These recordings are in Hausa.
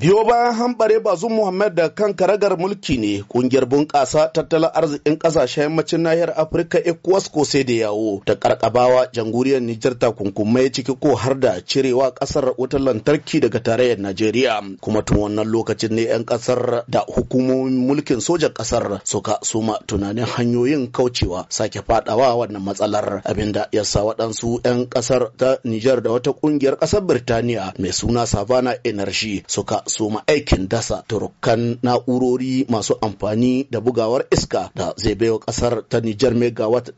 Biyo bayan hambare bazu Muhammad da kan karagar mulki ne kungiyar bunƙasa tattalin arzikin ƙasashen yammacin nahiyar Afirka ECOWAS ko sai da yawo ta karkabawa jamhuriyar Nijar ta kunkumai ciki ko har da cirewa ƙasar wutar lantarki daga tarayyar Najeriya kuma tun wannan lokacin ne ƴan ƙasar da hukumomin mulkin sojan ƙasar suka suma tunanin hanyoyin kaucewa sake fadawa wannan matsalar abinda ya sa waɗansu ƴan ƙasar ta Nijar da wata kungiyar ƙasar Birtaniya mai suna Savannah Energy suka soma aikin dasa turukan na'urori masu amfani da bugawar iska da zai baiwa kasar ta Nijar megawatt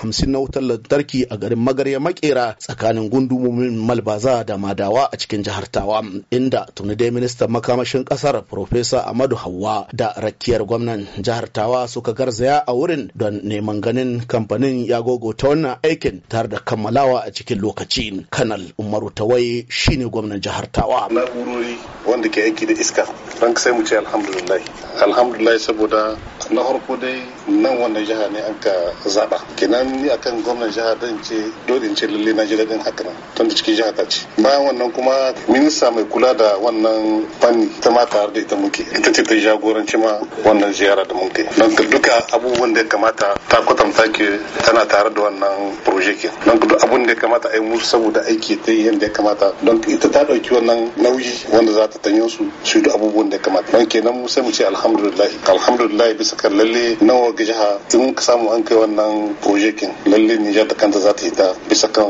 hamsin na wutar lantarki a garin Magarya Makera tsakanin gundumomin Malbaza da Madawa a cikin jihar Tawa inda tuni dai ministan makamashin kasar Profesa Amadu Hawwa da rakiyar gwamnan jihar Tawa suka garzaya a wurin don neman ganin kamfanin ya gogota wannan aikin tare da kammalawa a cikin lokaci. Kanal Umaru Tawai shine gwamnan jihar Tawa. Na'urori wanda ke aiki da iska ranka sai mu ce alhamdulillah alhamdulillah saboda na farko dai nan wannan jiha ne an ka zaɓa kenan ni kan gwamnan jiha din ce dole in ce lalle na ji daɗin haka nan tun da cikin jiha ta ce bayan wannan kuma minista mai kula da wannan fanni ta ma tare da ita muke ita ce ta jagoranci ma wannan ziyara da muke don ka duka abubuwan da ya kamata ta kwatanta ke tana tare da wannan proje ke don ka duk abun da ya kamata a yi musu saboda aiki ta yi yadda ya kamata don ita ta ɗauki wannan nauyi wanda za ta tanyo su su da abubuwan da ya kamata don kenan mu sai mu ce alhamdulillah alhamdulillah bisa kan lalle nawa ga jiha tun ka samu an kai wannan projekin lalle Nijar da kanta za ta yi ta bisa kan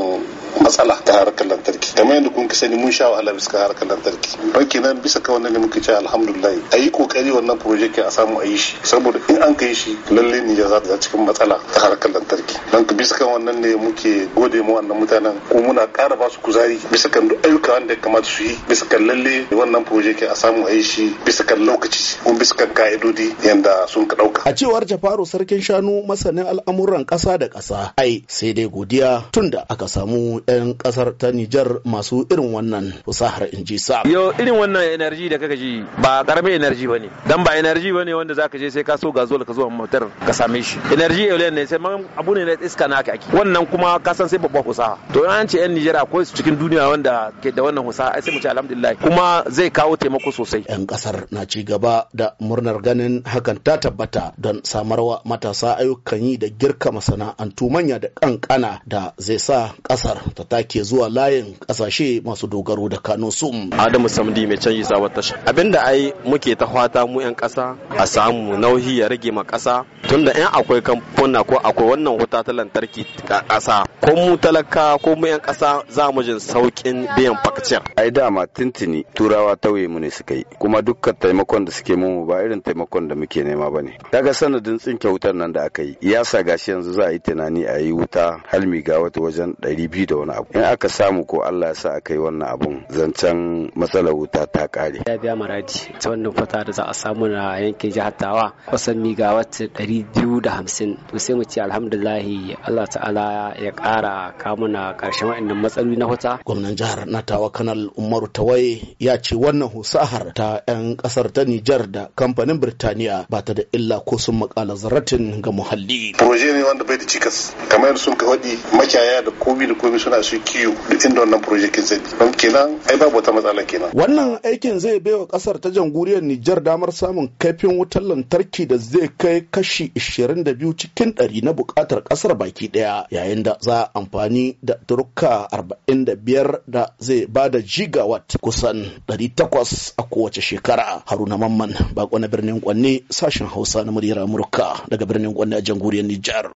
matsala ta harkar lantarki kamar yadda kun sani mun sha wahala bisa harkar lantarki don kenan bisa ka wannan ne muke ce alhamdulillah a yi kokari wannan project a samu a yi shi saboda in an kai shi lalle ne ya za cikin matsala ta harkar lantarki don bisa kan wannan ne muke gode ma wannan mutanen ko muna ƙara ba su kuzari bisa kan duk ayyuka wanda ya kamata su yi bisa kan lalle wannan project a samu a yi shi bisa kan lokaci kuma bisa kan ka'idodi yanda sun ka ɗauka. a cewar jafaru sarkin shanu masanin al'amuran kasa da kasa. ai sai dai godiya tunda aka samu 'yan kasar ta Nijar masu irin wannan fusahar in ji sa. Yo irin wannan energy da kaka ji ba karamin energy bane dan ba energy bane wanda zaka je sai ka so gazol ka zuwa motar ka same shi. Energy yau ne sai man abu ne na iska na kake. Wannan kuma ka san sai babban fusaha. To an ce 'yan Nijar akwai su cikin duniya wanda ke da wannan fusaha sai mu ce alhamdulillah kuma zai kawo taimako sosai. 'Yan kasar na ci gaba da murnar ganin hakan ta tabbata don samarwa matasa ayyukan yi da girka masana'antu manya da kankana da zai sa kasar ta take zuwa layin kasashe masu dogaro da kano su adamu samdi mai canji sabon tasha abinda ai muke ta fata mu yan kasa a samu nauyi ya rage ma kasa tunda yan akwai kamfuna ko akwai wannan wuta ta lantarki a kasa ko mu talaka ko mu yan kasa za mu jin saukin biyan fakciyar ai dama tintini turawa tauye mu ne suka yi kuma dukkan taimakon da suke mu ba irin taimakon da muke nema bane daga sanadin tsinke wutar nan da aka yi ya sa gashi yanzu za a yi tunani a yi wuta halmi ga wata wajen 200 da wani abu in aka samu ko Allah ya sa aka yi wannan abun zancen matsalar wuta ta kare ya biya maradi ta wannan fata da za a samu na yankin jihar Tawa kusan migawatt 250 to sai mu ce alhamdulillah Allah ta'ala ya kara kamuna karshen wannan matsaloli na huta gwamnan jihar na Tawa kanal Umaru Tawaye ya ce wannan husahar ta 'yan kasar ta Niger da kamfanin Birtaniya ba ta da illa ko sun makala zaratin ga muhalli. Proje ne wanda bai da cikas kamar sun ka faɗi makiyaya da komi da komi sun. suna su kiyo duk inda wannan projekin zai don kenan ai babu wata matsala kenan wannan aikin zai baiwa kasar ta jamhuriyar Nijar damar samun kaifin wutar lantarki da zai kai kashi 22 cikin 100 na bukatar kasar baki daya yayin da za a amfani da turka 45 da zai bada gigawatt kusan 800 a kowace shekara haruna mamman bako na birnin kwanne sashen hausa na muryar amurka daga birnin kwanne a jamhuriyar Nijar